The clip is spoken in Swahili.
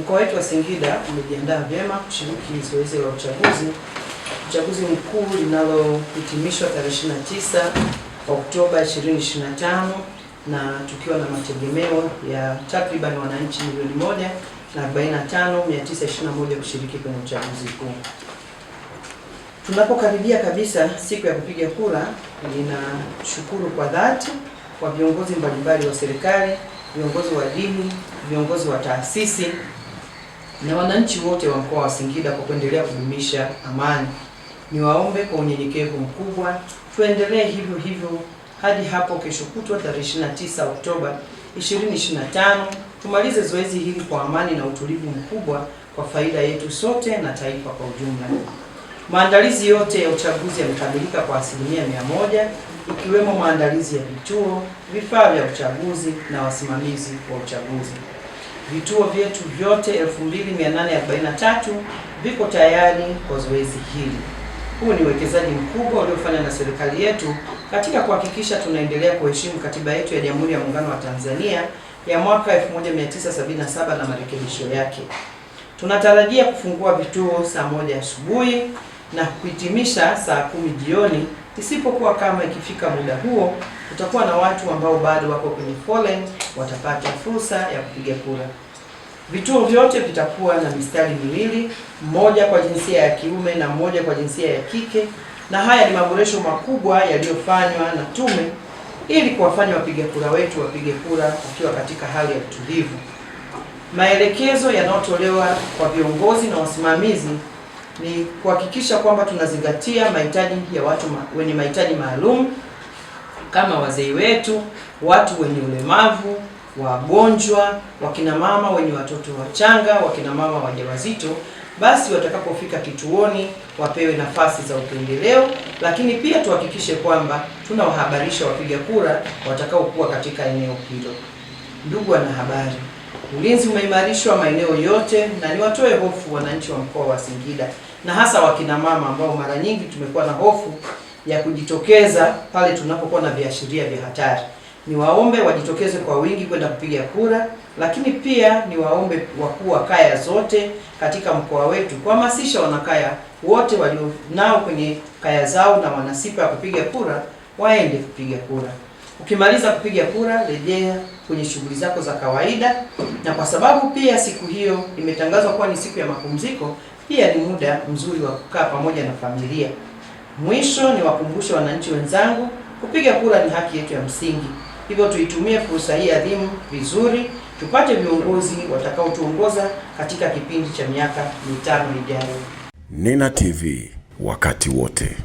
Mkoa wetu wa Singida umejiandaa vyema kushiriki zoezi la uchaguzi uchaguzi mkuu linalohitimishwa tarehe 29 Oktoba 2025 na tukiwa na mategemeo ya takriban wananchi milioni moja na 45921 kushiriki kwenye uchaguzi mkuu. Tunapokaribia kabisa siku ya kupiga kura, ninashukuru kwa dhati kwa viongozi mbalimbali wa serikali, viongozi wa dini, viongozi wa taasisi na wananchi wote wa mkoa wa Singida kwa kuendelea kudumisha amani. Niwaombe kwa unyenyekevu mkubwa tuendelee hivyo hivyo hadi hapo kesho kutwa tarehe 29 Oktoba 2025 tumalize zoezi hili kwa amani na utulivu mkubwa kwa faida yetu sote na taifa kwa ujumla. Maandalizi yote ya uchaguzi yamekamilika kwa asilimia mia moja ikiwemo maandalizi ya vituo, vifaa vya uchaguzi na wasimamizi wa uchaguzi. Vituo vyetu vyote 2843 viko tayari kwa zoezi hili. Huu ni uwekezaji mkubwa uliofanywa na serikali yetu katika kuhakikisha tunaendelea kuheshimu katiba yetu ya Jamhuri ya Muungano wa Tanzania ya mwaka 1977 na marekebisho yake. Tunatarajia kufungua vituo saa moja asubuhi na kuhitimisha saa kumi jioni Isipokuwa kama ikifika muda huo kutakuwa na watu ambao bado wako kwenye foleni, watapata fursa ya kupiga kura. Vituo vyote vitakuwa na mistari miwili, mmoja kwa jinsia ya kiume na mmoja kwa jinsia ya kike, na haya ni maboresho makubwa yaliyofanywa na tume ili kuwafanya wapiga kura wetu wapige kura wakiwa katika hali ya utulivu. Maelekezo yanayotolewa kwa viongozi na wasimamizi ni kuhakikisha kwamba tunazingatia mahitaji ya watu ma, wenye mahitaji maalum kama wazee wetu, watu wenye ulemavu, wagonjwa, wakina mama wenye watoto wachanga, wakina mama wajawazito, basi watakapofika kituoni wapewe nafasi za upendeleo, lakini pia tuhakikishe kwamba tunawahabarisha wapiga kura watakaokuwa katika eneo hilo. Ndugu wanahabari Ulinzi umeimarishwa maeneo yote, na niwatoe hofu wananchi wa mkoa wa Singida na hasa wakina mama ambao mara nyingi tumekuwa na hofu ya kujitokeza pale tunapokuwa na viashiria vya hatari. Niwaombe wajitokeze kwa wingi kwenda kupiga kura, lakini pia niwaombe wakuu wa kaya zote katika mkoa wetu kuhamasisha wanakaya wote walionao kwenye kaya zao na wanasipa ya kupiga kura waende kupiga kura. Ukimaliza kupiga kura, rejea kwenye shughuli zako za kawaida, na kwa sababu pia siku hiyo imetangazwa kuwa ni siku ya mapumziko, pia ni muda mzuri wa kukaa pamoja na familia. Mwisho ni wakumbushe wananchi wenzangu, kupiga kura ni haki yetu ya msingi, hivyo tuitumie fursa hii adhimu vizuri, tupate viongozi watakaotuongoza katika kipindi cha miaka mitano ijayo. Nina TV wakati wote.